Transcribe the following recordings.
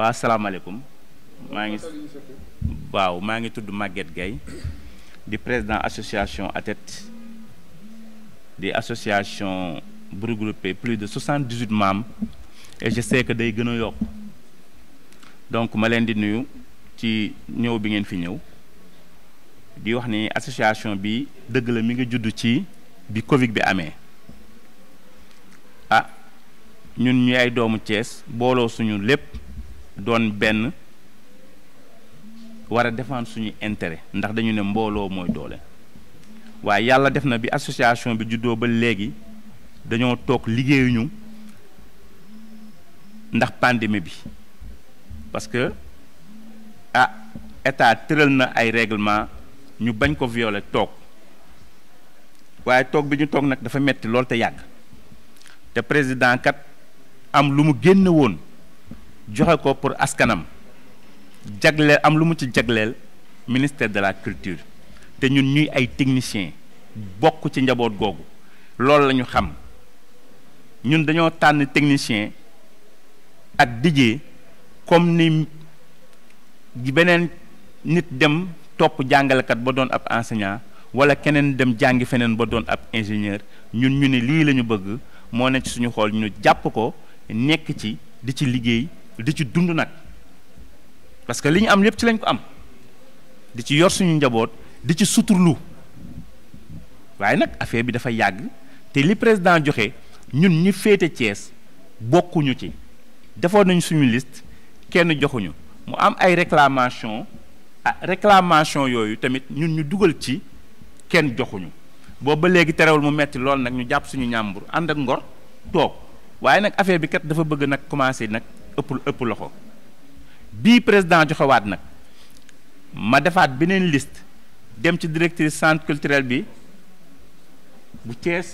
waa asalaamaaleykum maa ngi waaw maa ngi tudd màgget Gueye di président association ATET e di association bu regroupé plus de soixante-dix-huit membres et day gën a yokk donc ma leen di nuyu ci ñëw bi ngeen fi ñëw di wax ni association bi dëgg la mi ngi juddu ci bi Covid bi amee ah ñun ñu ay doomu Thiès booloo suñu lépp doon benn war a défendre suñu intérêt ndax dañu ne mbooloo mooy doole waaye yàlla def na bi association bi juddoo ba léegi dañoo toog liggéeyuñu ndax pandémie bi parce que ah état tëral na ay règlement ñu bañ ko violer toog waaye toog bi ñu toog nag dafa metti lool te yàgg te président kat am lu mu génn joxe ko pour askanam jagleel am lu mu ci jagleel ministère de la culture te ñun ñuy ay techniciens bokk ci njaboot googu loolu la ñu xam ñun dañoo tànn technicien ak DJ comme ni beneen nit dem topp jàngalekat ba doon ab enseignant wala keneen dem jàngi feneen ba doon ab ingénieur ñun ñu ni lii lañu bëgg moo ne ci suñu xool ñu jàpp ko nekk ci di ci liggéey di ci dund nag parce que li ñu am lépp ci lañ ko am di ci yor suñu njaboot di ci suturlu waaye nag affaire bi dafa yàgg te li président joxe ñun ñi féete Thiès bokkuñu ci defoon nañ suñu list kenn joxuñu mu am ay réclamation a ah, réclamation yooyu tamit ñun ñu dugal ci kenn joxuñu boobu ba léegi terewul mu metti lool nag ñu jàpp suñu ñàmbur ànd ak ngor toog waaye nag affaire bi kat dafa bëgg nag commencé nag ëpp ëpp loxo bii président joxewaat nag ma defaat beneen list dem ci directrice centre culturel bi bu Thiès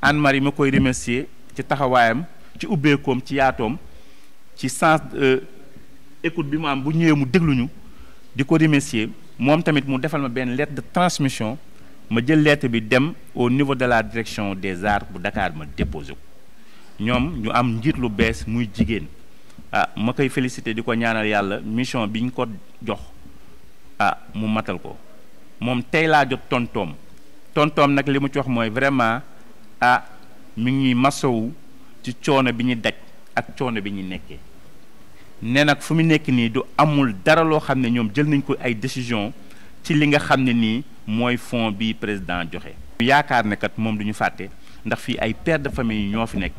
Anne Marie ma koy remercier ci taxawaayam ci ubbeekoom ci yaatoom ci sens euh, écoute bi mu am bu ñëwee mu dégluñu di ko remercier moom tamit mu defal ma benn lettre de transmission ma jël lettre bi dem au niveau de la direction des arts bu Dakar ma déposé ko ñoom ñu am njiit lu bees muy jigéen ah ma koy félicité di ko ñaanal yàlla mission bi ñu ko jox ah mu matal ko moom tey laa jot tontoom tontoom nag li mu ci wax mooy vraiment ah mi ngi masowu ci coono bi ñu daj ak coono bi ñu nekkee ne nag fu mu nekk nii du amul dara loo xam ne ñoom jël nañ ko ay décision ci li nga xam ne nii mooy fond bi président joxe. yaakaar ne kat moom du ñu fàtte ndax fii ay père de famille ñoo fi nekk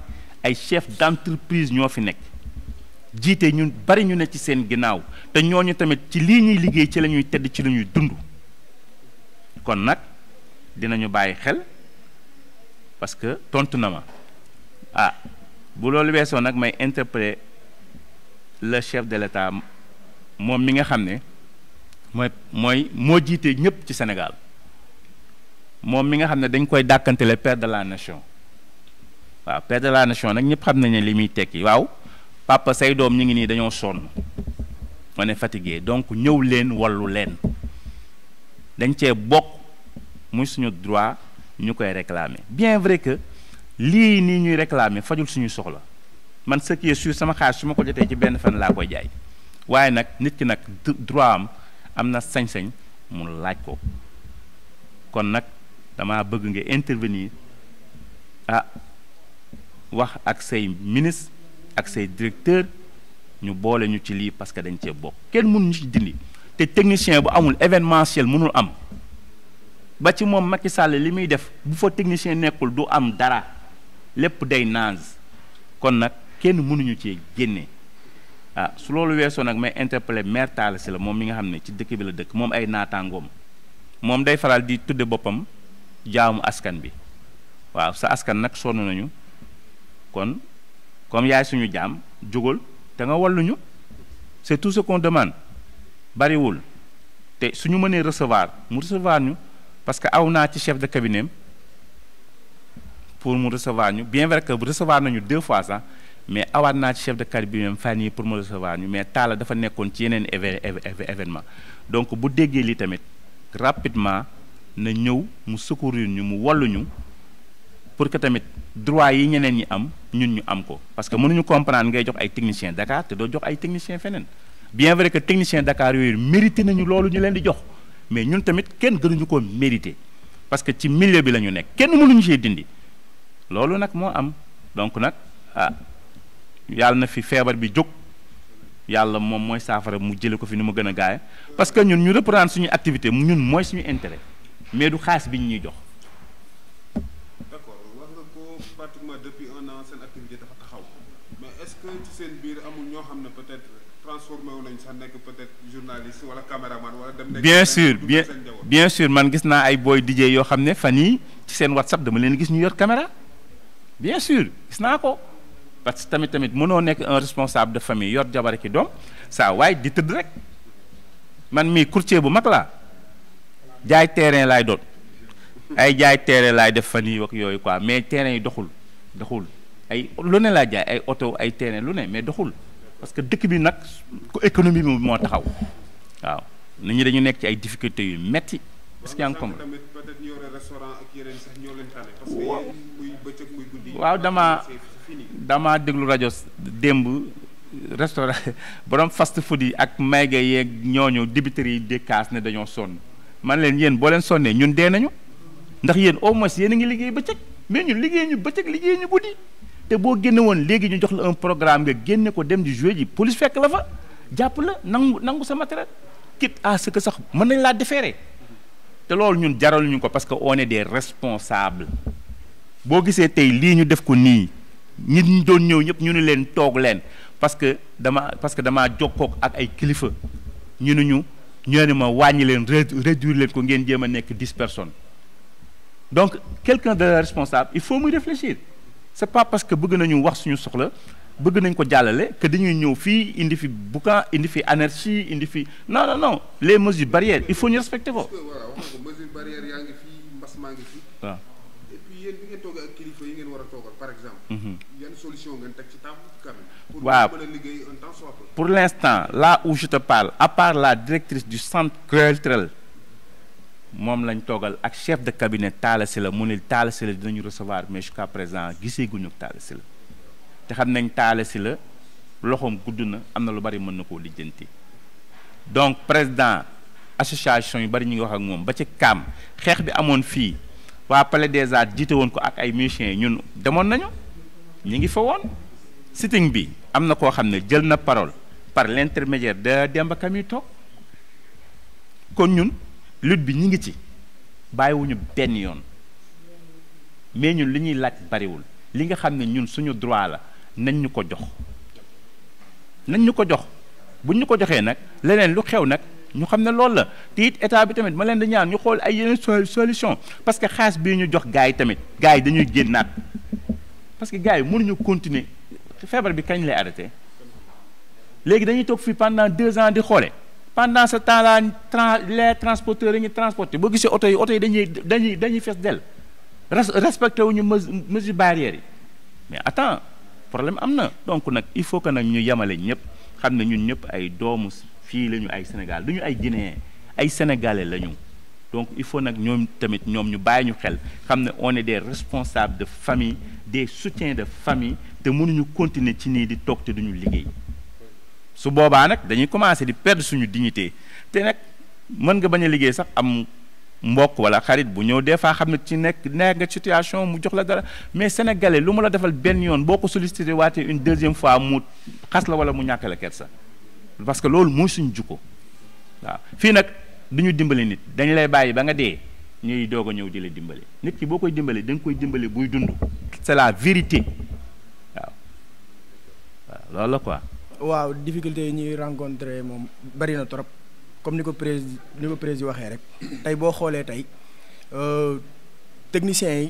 ay chef d'entreprise ñoo fi nekk. jiite ñun bari ñu ne ci seen ginnaaw te ñooñu tamit ci lii ñuy liggéey ci la ñuy tedd ci la ñuy dund kon nag dinañu bàyyi xel parce que tontu na ma ah bu loolu weesoo nag may interpeller le chef de l'État moom mi nga xam ne mooy mooy moo jiite ñëpp ci Sénégal moom mi nga xam ne dañ koy dàkkantele père de la nation waaw père de la nation nag ñëpp xam nañ ne li muy tekki waaw. papa say doom ñu ngi nii dañoo sonn wane est fatigué donc ñëw leen wallu leen dañ cee bokk muy suñu droit ñu koy réclamer bien vrai que lii nii ñuy réclamer fajul suñu soxla man ce qui est sama xaalis su ma ko jotee ci benn fan laa koy jaay waaye nag nit ki nag droit am am na sañ-sañ mu laaj ko kon nag dama bëgg nga intervenir ah wax ak say ministre ak say directeur ñu boole ñu ci lii parce que dañ cee bokk kenn mënuñu ci dindi te technicien bu amul événementiel mënul am ba ci moom Macky Sall li muy def bu fa technicien nekkul du am dara lépp day naaz kon nag kenn mënuñu cee génne ah su loolu weesoo nag may interpellé maire Talla la moom mi nga xam ne ci dëkk bi la dëkk moom ay naataangoom moom day faral di tudde boppam jaamu askan bi waaw sa askan nag sonn nañu kon comme yaay suñu jaam jógal te nga walluñu c'est tout ce qu'on demande bariwul te suñu mënee recevoir mu recevoir ñu parce que aw naa ci chef de cabinet pour mu recevoir ñu bien vrai recevoir nañu deux fois sax mais awaat naa ci chef de cabinet fan yi pour mu recevoir ñu mais taala dafa nekkoon ci yeneen événement donc bu déggee lii tamit rapidement na ñëw mu secourir ñu mu walluñu pour que tamit droit yi ñeneen ñi am ñun ñu am ko parce que mënuñu comprendre ngay jox ay technicien Dakar te doo jox ay technicien feneen bien vrai que technicien Dakar yooyu mérité nañu loolu ñu leen di jox mais ñun tamit kenn gënuñu ko mérité parce que ci milieu bi la ñu nekk kenn mënuñu see dindi loolu nag moo am donc nag ah, yàlla na fi feebar bi jóg yàlla moom mooy saafara mu jële ko fi nu mu gën a gaaye parce que ñun ñu reprendre suñu activité ñun mooy suñu intérêt mais du xaalis bi ñuy jox pratiquement depuis un an seen activité dafa ñoo xam ne peut-être transformé wu nañu sax nekk peut-être journaliste wala caméraman wala dem nekk bien sûr bien bien man gis naa ay booy DJ yoo xam ne fa nii ci seen WhatsApp dama leen gis ñu yor caméra bien sûr gis naa ko parce que tamit tamit mënoo nekk un responsable de famille yor jabar ki doom saa waaye di tëdd rek man mii courtier bu mag laa jaay terrain laay doon. ay jaay teere laay def fan yii yooyu quoi mais terrain yi doxul doxul ay lu ne laa jaay ay oto ay terrain lu ne mais doxul parce que dëkk bi nag ko économie bi moo taxaw waaw nit ñi dañu nekk ci ay difficultés yu metti est-ce que déglu rajo démb restaurant borom fast food yi ak mayga yeeg ñooñu débiteurs yi dékaas ne dañoo sonn man leen yéen boo leen sonnee ñun dee nañu ndax yéen au moins yéen ngi liggéey bëccëg mais ñun liggéey ñu bëccëg liggéey ñu guddi te boo génne woon léegi ñu jox la un programme nga génne ko dem di jouer ji police fekk la fa jàpp la nangu nangu sama matériel quitte à ce que sax mën nañ laa déféré te loolu ñun jaraluñu ko parce que on est des responsables boo gisee tey lii ñu def ko nii nit ñi doon ñëw ñëpp ñu ne leen toog leen parce que dama parce que damaa jokkoog ak ay kilifa ñu ne ñu ñoo ne ma wàññi leen réduire leen ko ngeen jéem a nekk dix personnes. donc quelqu'un de responsable il faut muy réfléchir c'est pas parce que bëgg nañu wax suñu soxla bëgg nañ ko jàllale que dañuy ñëw fii indi fi boucan indi fi anarchie indi fi non non non les mesures barrières il faut ñu respecter ko. mesures barrières yaa mbas maa ngi fi. waaw war a toogal par exemple. Mhm. yan solution ngeen teg ci table quand pour a liggéey un temps pour l'instant là où je te parle à part la directrice du centre culturel. moom lañ toogal ak chef de cabinet Talla Sylla mu ne Talla Sylla dinañu recevoir mais jusqu'à présent gisee guñu Talla Sylla te xam nañ Talla la loxoom gudd na am na lu bari mën na koo lijjanti donc président association yu bari ñu ngi wax ak moom ba ci kaam xeex bi amoon fii waa pale des Arts jiite woon ko ak ay musiciens ñun demoon nañu ñu ngi fa woon sitting bi am na koo xam ne jël na parole par l'intermédiaire de Demba Ka mi kon ñun. lutte bi ñi ngi ci bàyyiwuñu benn yoon mais ñun li ñuy laaj bariwul li nga xam ne ñun suñu droit la nañ ñu ko jox nañ ñu ko jox buñ ñu ko joxee nag leneen lu xew nag ñu xam ne loolu la te it état bi tamit ma leen di ñaan ñu xool ay yeneen solution parce que xaas bii ñu jox gars yi tamit gars yi dañuy génnaat parce que gars yi mënuñu continuer feebar bi kañ lay arrêté léegi dañuy toog fii pendant deux ans di xoole pendant ce temps là trans les transporteurs yi ñu transporté boo gisee oto yi oto yi dañuy dañuy dañuy fees dell respecté ñu mesure barrières yi mais attends problème am na donc nag il faut que nag ñu yemale ñëpp xam ne ñun ñëpp ay doomu fii la ñu ay Sénégal du ñu ay Guinéen ay Sénégalais la ñu donc il faut nag ñoom tamit ñoom ñu bàyyi ñu xel xam ne on est des de famille des soutiens de famille te mënuñu continuer ci nii di toog te duñu liggéey su boobaa nag dañuy commencé di perdre suñu dignité te nag mën nga bañ a liggéey sax am mbokk wala xarit bu ñëw des fois xam ne ci nekk nekk nga situation mu jox la dara mais sénégalais lu mu la defal benn yoon boo ko sollicité waate une deuxième fois mu xas la wala mu ñàkk la ker sax parce que loolu mooy suñu jukko waaw fii nag du ñu dimbali nit dañu lay bàyyi ba nga dee ñuy doog a ñëw di la dimbali nit ki boo koy dimbali da nga koy dimbali buy dund c'est la vérité waaw la quoi. waaw difficulté yi ñuy rencontré moom bari na trop comme ni ko prés ni ko prés yi waxee rek tey boo xoolee tey euh, techniciens yi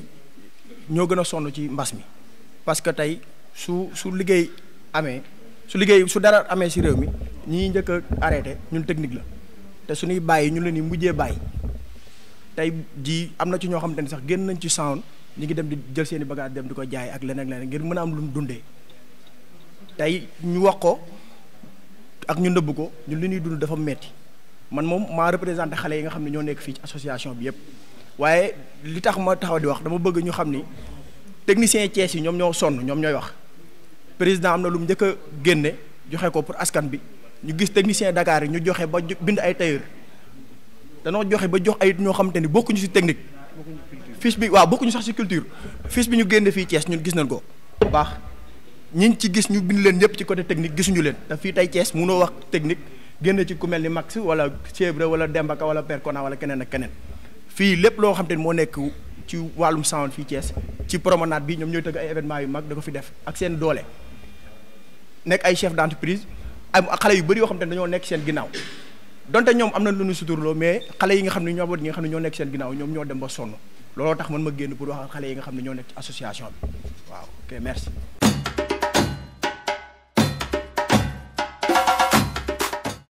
ñoo gën a sonn ci mbas mi parce que tey su su liggéey amee su liggéey su dara amee si réew mi ñi njëkk a ñun technique la te suñuy bàyyi ñu leen di mujjee bàyyi tey ji am na ci ñoo xamante ne sax génn nañ ci sound ñu ngi dem di jël seen i dem di ko jaay ak leneen leneen ngir mën a am lu mu dundee tey ñu wax ko ak ñu nëbb ko ñun li ñuy dund dafa metti man moom maa représenté xale yi nga xam ne ñoo nekk fii ci association bi yëpp waaye li tax ma taxaw di wax dama bëgg ñu xam ni technicien Thiès yi ñoom ñoo sonn ñoom ñooy wax président am na lu njëkk a génne joxe ko pour askan bi ñu gis technicien Dakar yi ñu joxe ba bind ay tailleur danoo joxe ba jox ay ñoo xamante ni bokkuñu si technique fiche bi waaw bokkuñu sax ci culture fiche bi ñu génne fii Thiès ñun gis nañ ko bu baax ñiñ ci gis ñu bind leen ñëpp ci côté technique gisuñu leen te fii tey Thiès mënoo wax technique génn ci ku mel ni Max wala Chebre wala Dembaka wala Perkona wala keneen ak keneen fii lépp loo xam ne ni moo nekk ci wàllum sound fii Thiès ci promenade bi ñoom ñooy tëgg ay événement yu mag da ko fi def ak seen doole nekk ay chef d'entreprise am xale yu bëri yoo xam ne dañoo nekk seen ginnaaw donte ñoom am na lu ñu suturloo mais xale yi nga xam ne ñoo xam ne ñoo nekk seen ginnaaw ñoom ñoo dem ba sonn looloo tax man ma génn xale yi nga xam ne ñoo nekk ci association merci